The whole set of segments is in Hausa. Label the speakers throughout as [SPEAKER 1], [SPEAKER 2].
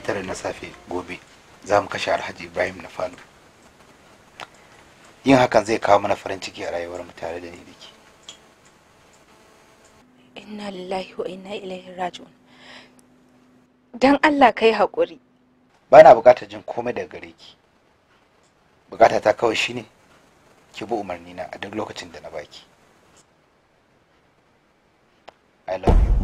[SPEAKER 1] karfe tara na safe gobe za mu kashe alhaji ibrahim na falo yin hakan zai kawo mana farin ciki a rayuwar mu tare da ni da ke
[SPEAKER 2] inna lillahi wa inna ilaihi raji'un dan allah kai haƙuri
[SPEAKER 1] ba na buƙatar jin komai daga gare ki bukata ta kawai shine ki bi umarni na a duk lokacin da na baki i love you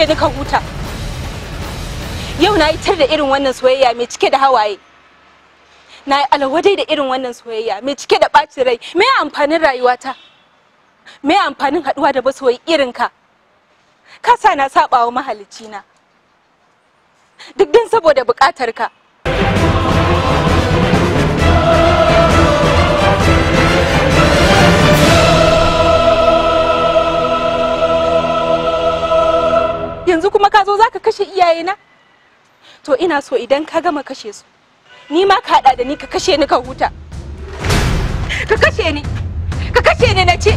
[SPEAKER 2] ce duka huta yau na itar da irin wannan soyayya mai cike da hawaye na yi alawadai da irin wannan soyayya mai cike da ɓacin rai me amfanin rayuwata me amfanin haɗuwa da masoyi irin ka ka sa na mahalicci na, duk din saboda buƙatar ka yanzu kuma ka zo zaka kashe iyaye na to ina so idan ka gama kashe su ni ma ka hada da ni ka kashe ni ka huta ka kashe ni ka kashe ni na ce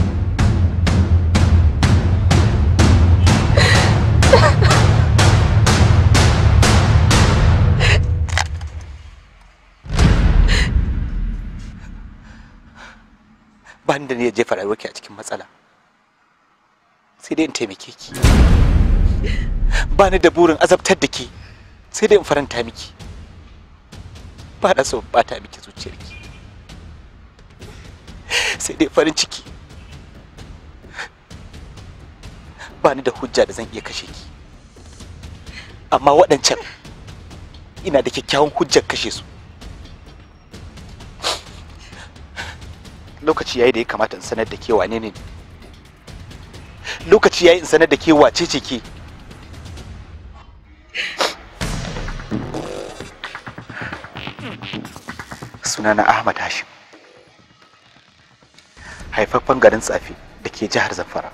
[SPEAKER 1] ban da ni ya jefa rayuwarki a cikin matsala sai dai in taimake ki ba ni da burin azabtar da ke sai dai in faranta miki ba da so bata miki zuciyarki sai dai farin ciki ba ni da hujja da zan iya kashe ki amma waɗancan ina da kyakkyawan hujjar kashe su lokaci yayi da ya kamata in sanar da ke wane ne lokaci yayi in sanar da ke wace ce ke sunana ahmad hashim haifaffen garin tsafi da ke jihar zamfara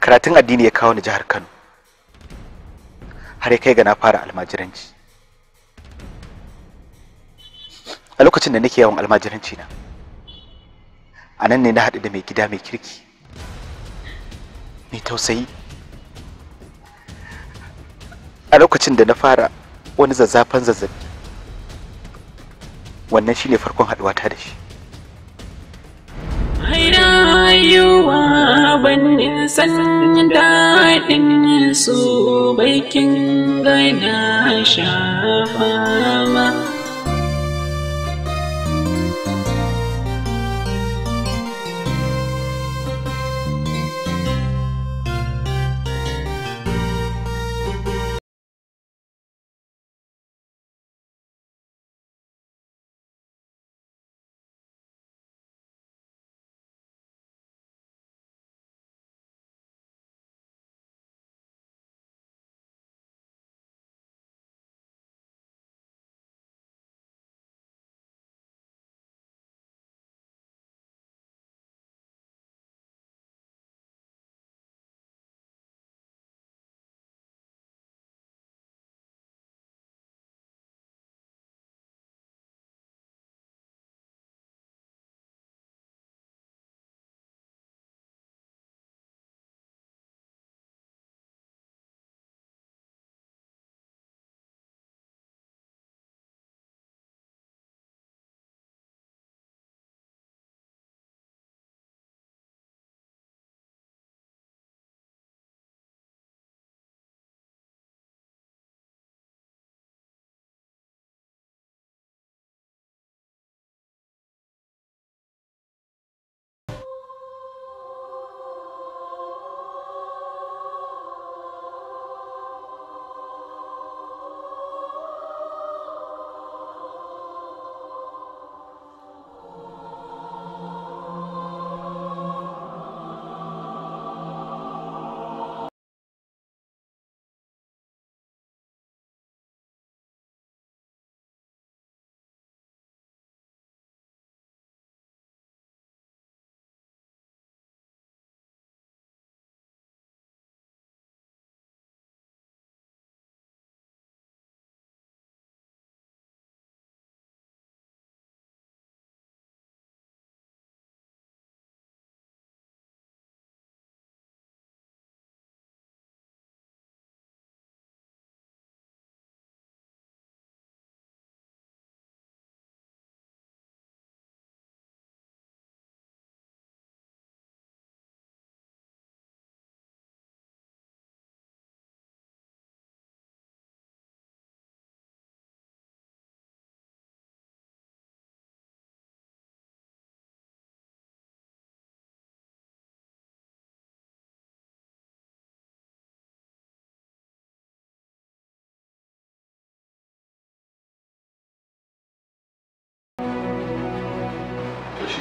[SPEAKER 1] karatun addini ya kawo ni jihar kano har ya kai ga na fara almajiranci a lokacin da nake yawan almajiranci na anan ne na haɗu da mai gida mai kirki mai tausayi a lokacin da na fara wani zazzafan zazzabi wannan shine farkon haɗuwata da shi
[SPEAKER 2] rayuwa ban san daɗin su baikin gana shafa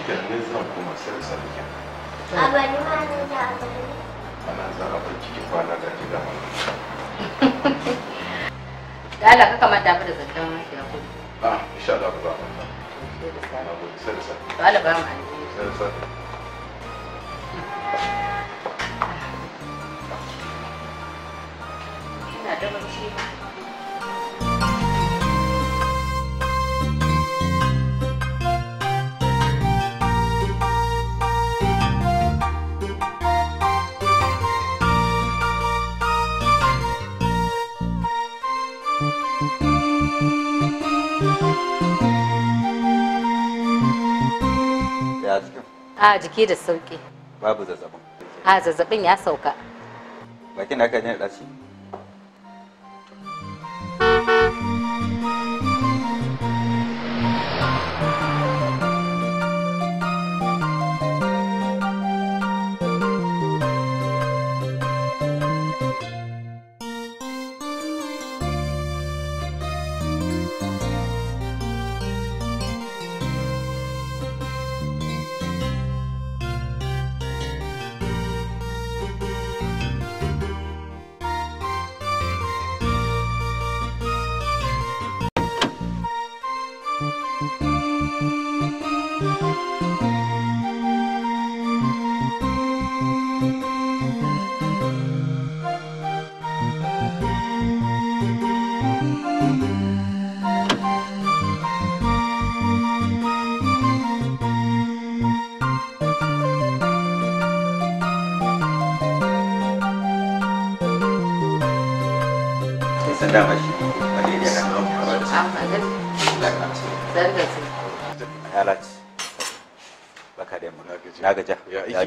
[SPEAKER 3] ke nan zan koma sai da safe ke ma na za a ana za a baki ki kwana da ki gama da Allah ka
[SPEAKER 4] kamata fa da zakkan ya
[SPEAKER 3] kudi insha Allah ba sai da sai Allah ba mu alheri sai
[SPEAKER 4] ina da a jiki da sauki babu zazzabin a zazzabin ya sauka
[SPEAKER 1] bakin da aka jin ɗaci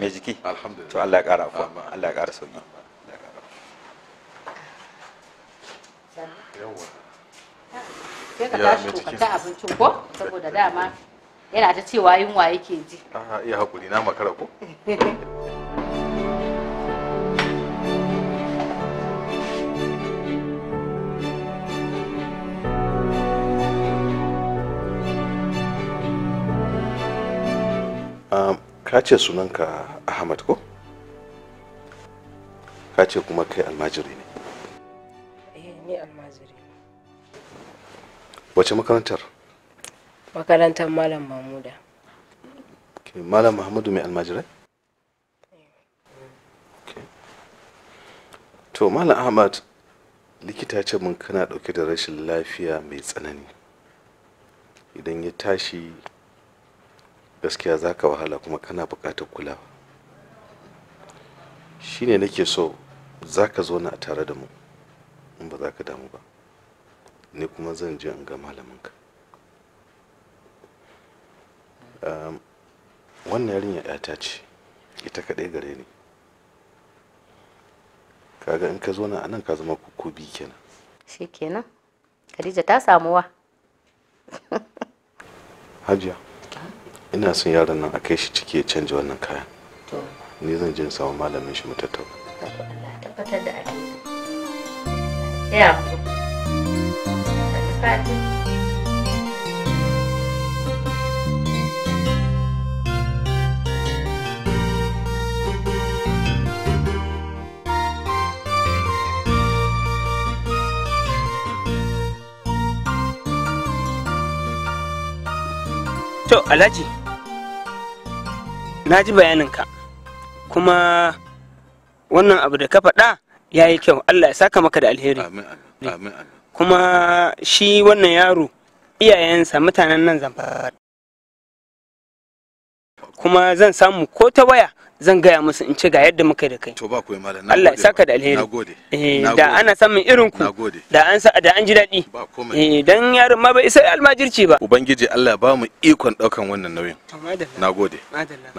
[SPEAKER 1] same jiki to Allah ya kara afuwa Allah ya kara sauki
[SPEAKER 3] yawa
[SPEAKER 4] sai ka tashi ku ta abincin ko saboda dama yana ta cewa yunwa yake ji
[SPEAKER 3] a'a iya hakuri na makara ko ka ce sunanka ahmad ko ka ce kuma kai almajiri ne
[SPEAKER 2] eh ni almajiri
[SPEAKER 3] wace makarantar
[SPEAKER 2] makarantar malam
[SPEAKER 3] mahmuda okay. malam mahmudu mai almajirai to malam ahmad likita ce mun kana dauke da rashin lafiya mai tsanani idan ya tashi gaskiya za ka wahala kuma kana buƙatar kulawa shi ne nake so za ka zo na tare da mu in ba za ka damu ba ne kuma zan je in ga malaminka wannan yarinya yata ce ita kaɗai gare ni kaga in ka zo na anan ka zama kukubi kenan
[SPEAKER 4] shi kenan khadija ta samuwa
[SPEAKER 3] hajiya ina son yaron nan a kai shi ciki ya canja wannan kayan ni zan je samu malamin shi mu
[SPEAKER 1] To, Alhaji, na ji bayaninka kuma wannan abu da ka faɗa ya yi kyau allah ya saka maka da alheri kuma shi wannan yaro iyayensa mutanen nan zan kuma zan samu ko ta waya zan gaya musu in ce ga yadda muka da kai. Allah ya saka da alheri.
[SPEAKER 3] Eh, da ana
[SPEAKER 1] samun irin ku. Da an sa
[SPEAKER 3] da an ji daɗi. Ba eh, dan yaron ma bai isa almajirci ba. Ubangiji Allah ya ba mu ikon ɗaukan wannan nauyin. Nagode. Madalla.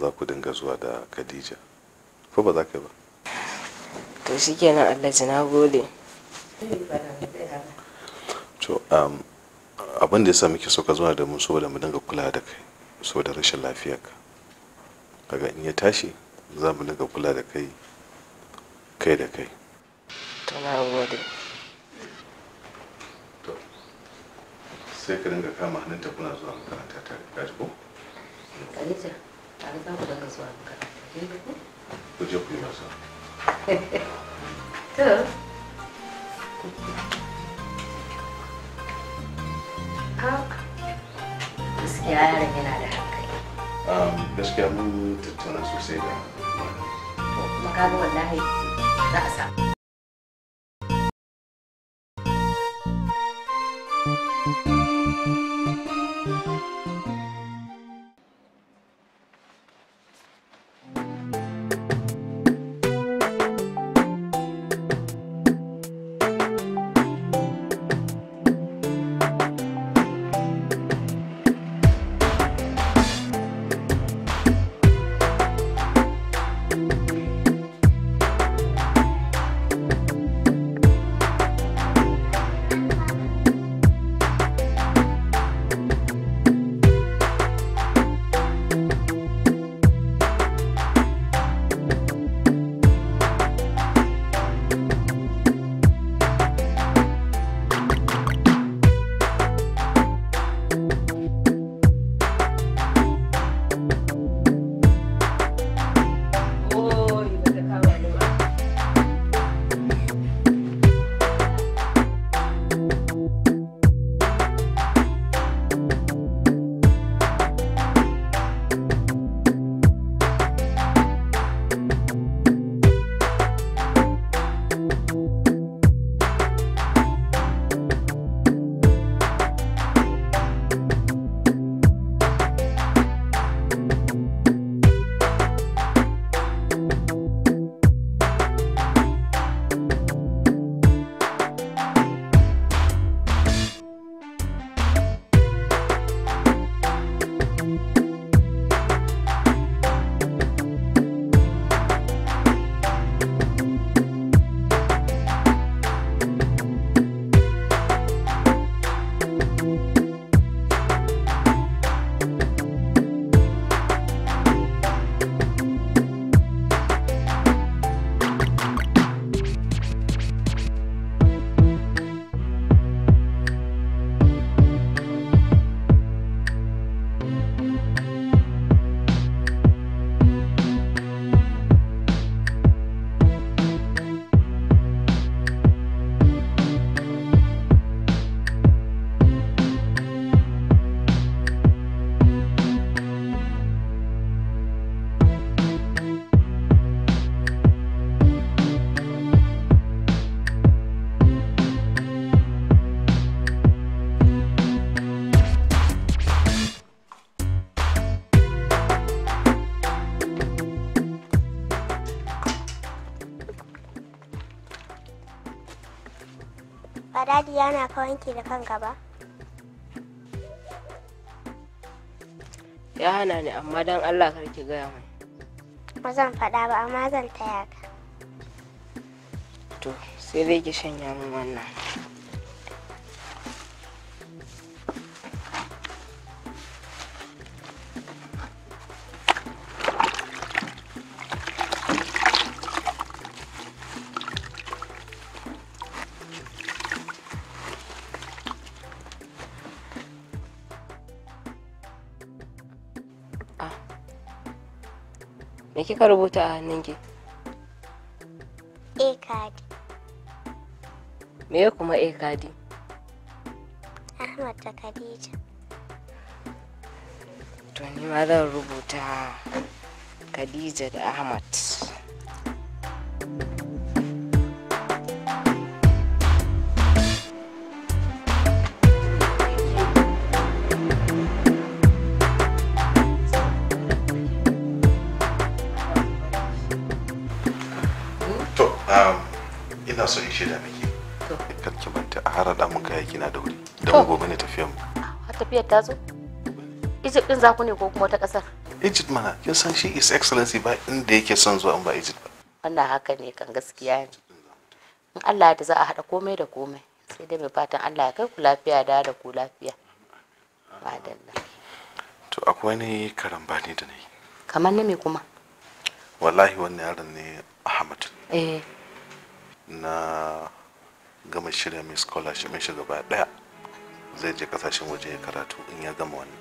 [SPEAKER 3] za ku dinga zuwa da khadija ko ba za ka ba
[SPEAKER 2] to shi kenan alhaji na gode
[SPEAKER 3] to um, abin da ya sa muke so ka zuwa da mu saboda mu dinga kula da kai saboda rashin lafiyarka kaga in ya tashi za mu dinga kula da kai kai da kai to na gode sai ka dinga kama hannunta kuna zuwa makaranta ta gaji ko? Alija. tare ku daga zuwa je ku yi wasa to
[SPEAKER 4] gaskiya yaron yana da hankali
[SPEAKER 3] gaskiya mun tattauna sosai da
[SPEAKER 4] wallahi za a samu
[SPEAKER 2] Música yana fa ka wanke da kanka ba? Ya hana ni amma don Allah ki gaya mai. Ba zan faɗa ba amma zan taya ka. To sai dai ki shanya min wannan. me kika rubuta a hannunki e kadi me kuma e kadi ahmad da khadija to ni ma zan rubuta khadija da ahmad
[SPEAKER 3] tafiyar mu
[SPEAKER 4] har tafiyar ta zo Egypt din zaku ne ko kuma wata ƙasar.
[SPEAKER 3] Egypt mana kin san shi is excellency ba inda yake son zuwa in ba Egypt ba
[SPEAKER 4] wannan haka ne kan gaskiya ne in Allah ya za a haɗa komai da komai sai dai mai fatan Allah ya kai ku lafiya da da ku lafiya
[SPEAKER 3] madalla to akwai ne karambani da nayi
[SPEAKER 4] kamar ne me kuma
[SPEAKER 3] wallahi wannan yaron ne Ahmad eh na gama shirya mai scholarship mai shiga gaba daya zai je kasashen waje ya karatu in ya gama wannan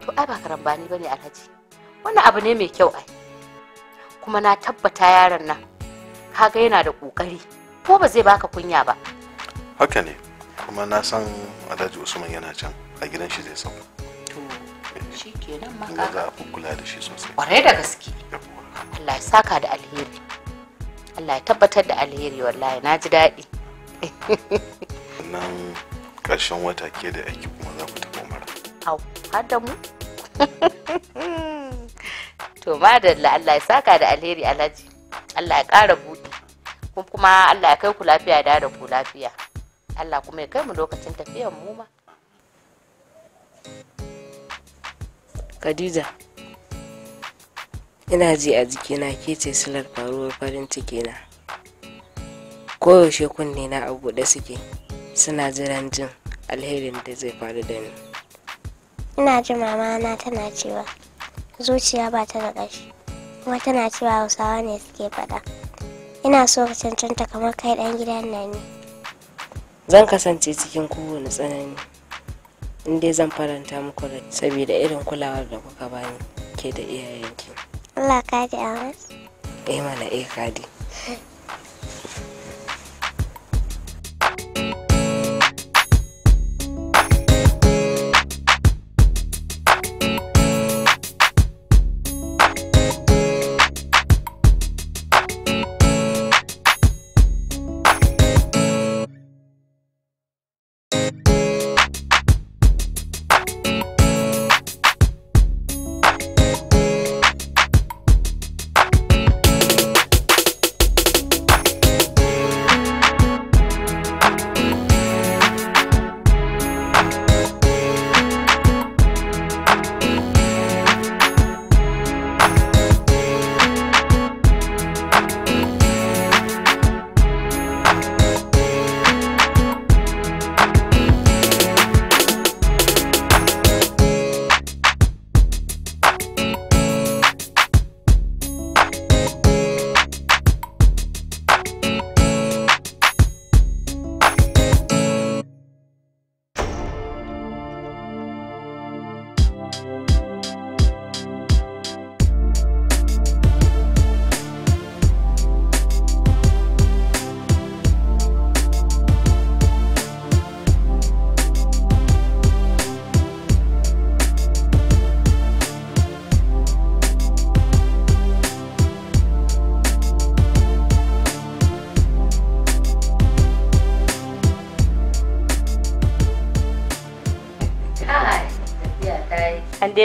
[SPEAKER 4] to ai ba karambani bane alhaji wannan abu ne mai kyau ai kuma na tabbata yaron nan kaga yana da kokari ko ba zai baka kunya ba
[SPEAKER 3] haka ne kuma na san alhaji usman yana can a gidan shi zai sauka shi kenan maka za ku kula da shi sosai kwarai da gaske
[SPEAKER 4] Allah ya saka da alheri Allah ya tabbatar da alheri wallahi na ji daɗi
[SPEAKER 3] karshen wata ke da aiki kuma za ku tafi mara.
[SPEAKER 4] au har da mu to da Allah ya saka da alheri alhaji Allah ya ƙara buɗe kuma Allah ya kai ku lafiya da da ku lafiya Allah kuma ya kai mu lokacin tafiyan mu ma
[SPEAKER 2] Khadija ina ji a jikina ke ce silar faruwar farin ciki na koyaushe kunne na a buɗe suke suna jiran jin alherin da zai faru da ni ina ji mama na tana cewa zuciya ba ta da ƙashi kuma tana cewa hausawa ne suke faɗa ina so ka cancanta kamar kai ɗan gidan nan ne zan kasance cikin kowane tsanani in dai zan faranta muku rai saboda irin kulawar da kuka bani ke da iyayenki Allah kadi wasu? eh mana eh kadi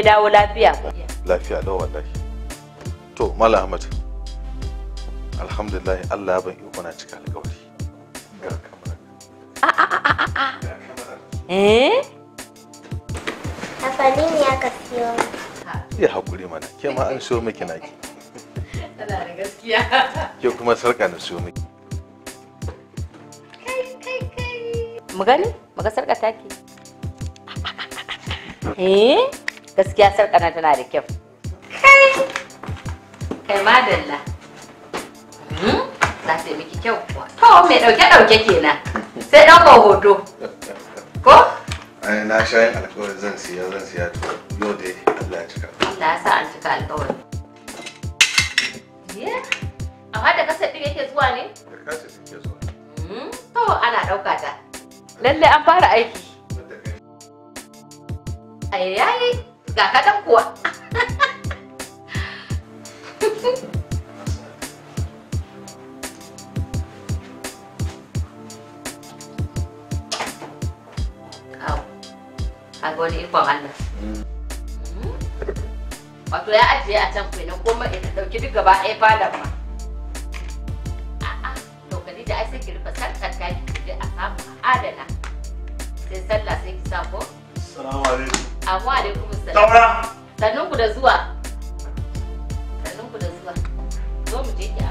[SPEAKER 4] ya dawo lafiya
[SPEAKER 3] lafiya lau wallahi to mala ahmad alhamdulillah allah ban iko na cika alkawari eh
[SPEAKER 4] amfani ne aka siyo
[SPEAKER 3] ya hakuri mana ke ma an siyo miki naki
[SPEAKER 4] tana da gaskiya
[SPEAKER 3] ke kuma sarka na siyo miki
[SPEAKER 4] mu gani mu ga sarka take eh gaskiya sarkana tana da kyau kai madalla za ta yi miki kyau to mai dauke dauke kenan sai daukar
[SPEAKER 3] hoto ko ai na sha yin alkawarin zan siya zan siya to yau dai Allah ya cika Allah ya sa an cika alkawarin
[SPEAKER 4] amma da kasar din yake zuwa ne da
[SPEAKER 3] kasar din yake zuwa
[SPEAKER 2] hmm?
[SPEAKER 4] to ana dauka ta lalle an fara aiki ai yayi ga kadan kuwa kaga wani ikon Allah. Wato ya ajiye a can kenan kuma ina ɗauki duk gaba ɗaya fadar ma. A'a, lokali da ai sai ki rufe sarkar ta ki a samu adana. Sai sallah sai ki sa ko?
[SPEAKER 3] Assalamu alaikum.
[SPEAKER 4] Amu alaikum salam. Saura. Sannunku da zuwa. Sannunku da zuwa. Zo mu je ki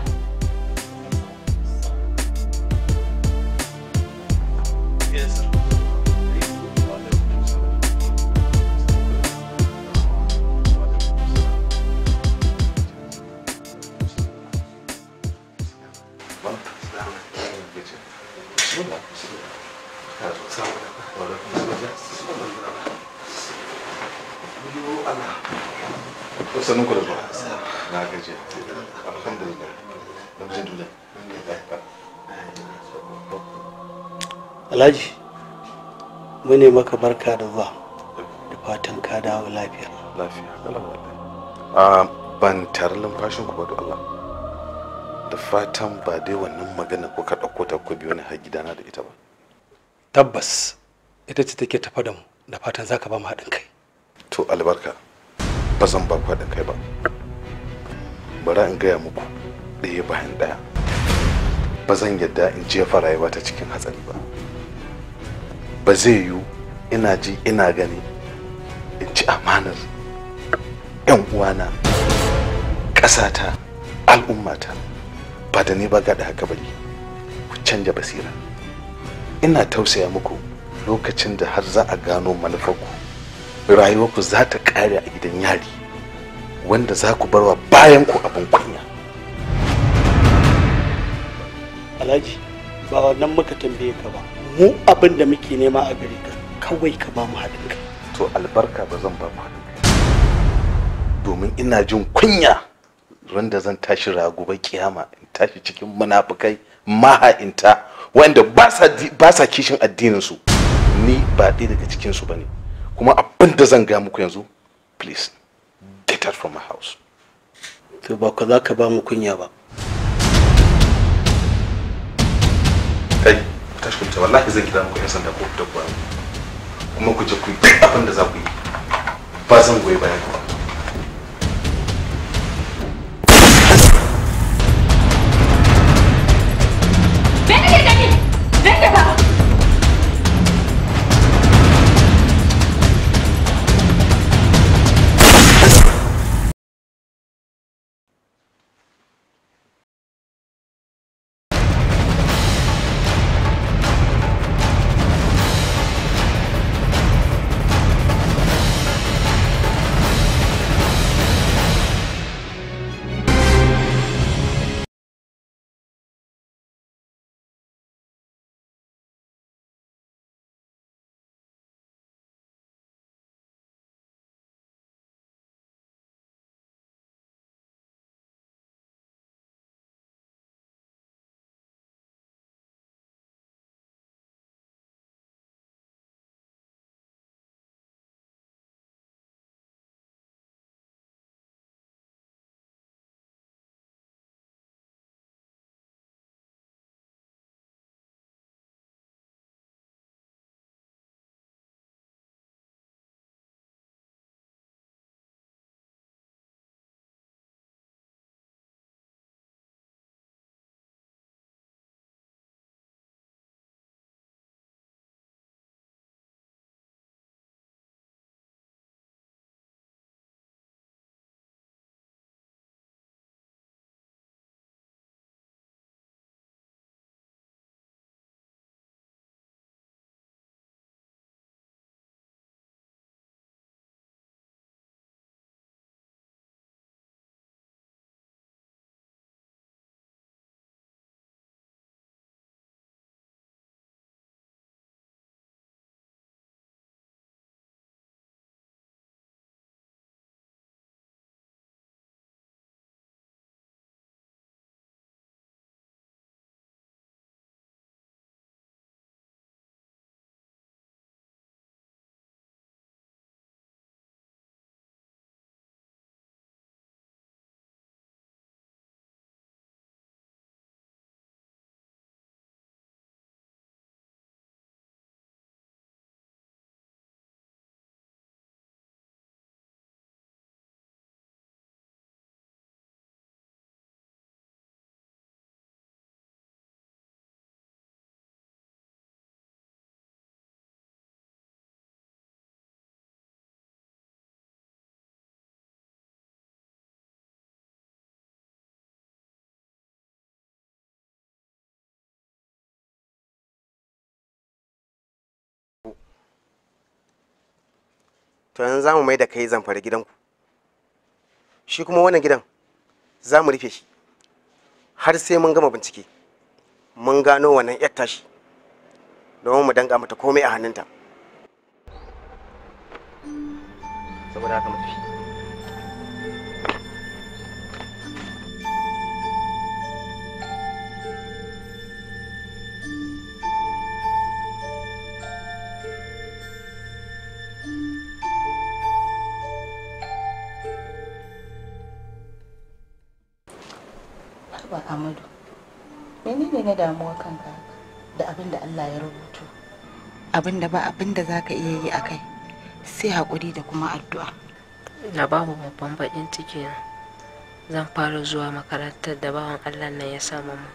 [SPEAKER 3] sanin ku da zuwa na gajiya alhamdulillah namjin duniya
[SPEAKER 1] alhaji mune maka barka da zuwa
[SPEAKER 3] da fatan ka dawo lafiya lafiya a ban tare lumfashin ku ba da Allah da fatan ba dai wannan magana ko ka dauko ta ko biyo ne har gidana da ita ba tabbas ita ce take tafa da mu da fatan zaka ba mu haɗin kai to albarka ba zan ba ku kai ba bari in gaya muku ɗaya bayan ɗaya ba zan yadda in jefa rayuwa ta cikin hatsari ba ba zai yiwu ina ji ina gani in ci amanar 'yan uwana ƙasata al'ummata ba da ni ba ga da haka bane ku canja basira ina tausaya muku lokacin da har za a gano manufarku rayuwarku za ta kare a gidan yari wanda za ku barwa bayan ku abin kunya
[SPEAKER 1] alhaji ba wannan muka tambaye ka ba mu abin da muke nema a gare ka kawai ka ba mu haɗin kai
[SPEAKER 3] to albarka ba zan ba mu haɗin kai domin ina jin kunya wanda zan tashi ba kiyama in tashi cikin munafukai maha'inta wanda ba sa kishin addininsu ni ba ɗaya daga cikinsu ba ne kuma abin da zan ga muku yanzu please get out from my house to ba ka za ka ba mu kunya ba kai ku tashi ku wallahi zan kira muku yan sanda ko ku kuma ku je ku yi abin da za ku yi ba zan goyi bayan ku
[SPEAKER 1] to yanzu za mu mai da kai zamfara gidanku shi kuma wannan gidan za mu rufe shi har sai mun gama bincike mun gano wannan yar tashi domin mu danga mata komai a hannunta
[SPEAKER 3] saboda haka shi
[SPEAKER 2] Haba Amadu, menene na damuwa kanka da abin da Allah ya rubuto? Abin da ba abin da za ka iya yi a kai sai haƙuri da kuma addu'a. Na babu babban baƙin ciki zan fara zuwa makarantar da bawan Allah nan ya sama mu.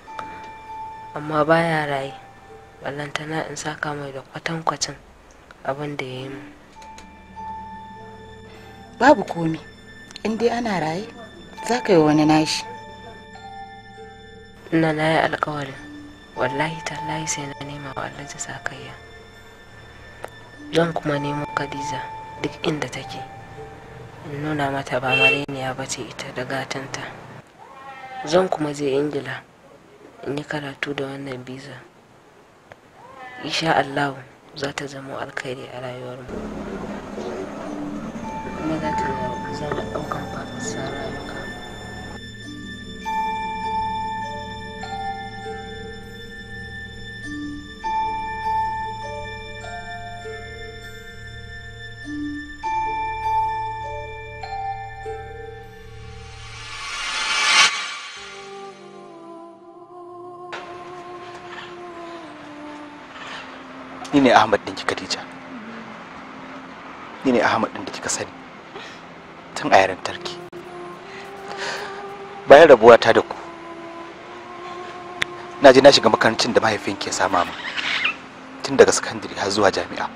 [SPEAKER 2] Amma baya raye, ballantana in saka mai da kwatankwacin abin da ya yi mu. Babu komi, in dai ana raye, za ka yi wani nashi. na na yi alkawarin wallahi tallahi sai na nema wa alhaji sakayya zan kuma nemo khadija duk inda take in nuna mata ba mareniya ba ce ita da gatanta zan kuma je ingila in yi karatu da wannan biza isha allahu za ta zama alkhairi a rayuwarmu kuma za ta zama ɗaukan fasara
[SPEAKER 1] ni ne ahmad ɗinki khadija ni ne ahmad ɗin da kika sani tun a yaren tarki bayan rabuwa ta da ku na je na shiga makarancin da mahaifin ke sama mu tun daga sakandare har zuwa jami'a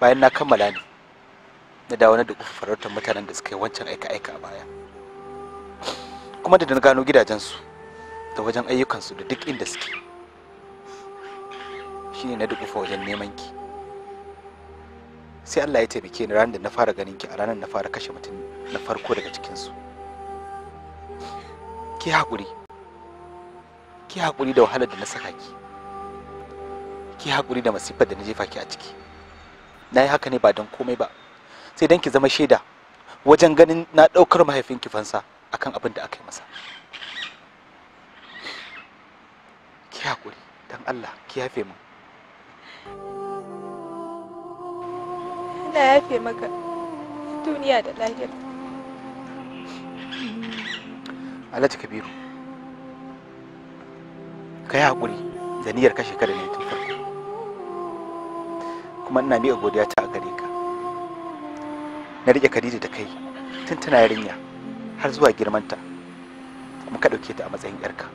[SPEAKER 1] bayan na kammala ne na dawo na duk farautar mutanen da suka yi wancan aika-aika a baya kuma da na gano gidajensu da wajen ayyukansu da duk inda suke shine na dukufa wajen neman ki sai Allah ya taimake ni ranar da na fara ganin ki a ranar na fara kashe mutum na farko daga cikinsu ki haƙuri ki haƙuri da wahalar da na saka ki ki haƙuri da masifar da na jefa ki a ciki na yi haka ne ba don komai ba sai don ki zama shaida wajen ganin na ɗaukar mahaifinki fansa akan abin da aka yi masa ki haƙuri don Allah ki yafe min
[SPEAKER 2] ya yafe maka duniya da lahira
[SPEAKER 1] Alhaji Kabiru ka yi haƙuri da niyyar kashe ka da ne tun farko kuma ina miƙa godiya ta a gare ka na riƙe Khadija da kai tun tana yarinya har zuwa girmanta kuma ka ɗauke ta a matsayin 'yarka.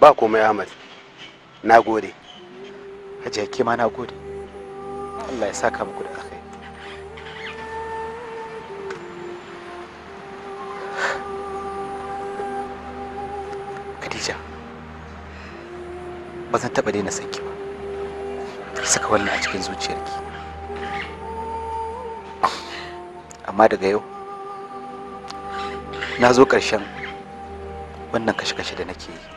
[SPEAKER 1] ba komai ahmad na gode hajiya ke ma na gode allah ya saka muku da aka Khadija ba zan taɓa daina sanki ba saka wannan a cikin zuciyarki amma daga yau na zo ƙarshen wannan kashe-kashe da nake yi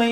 [SPEAKER 1] made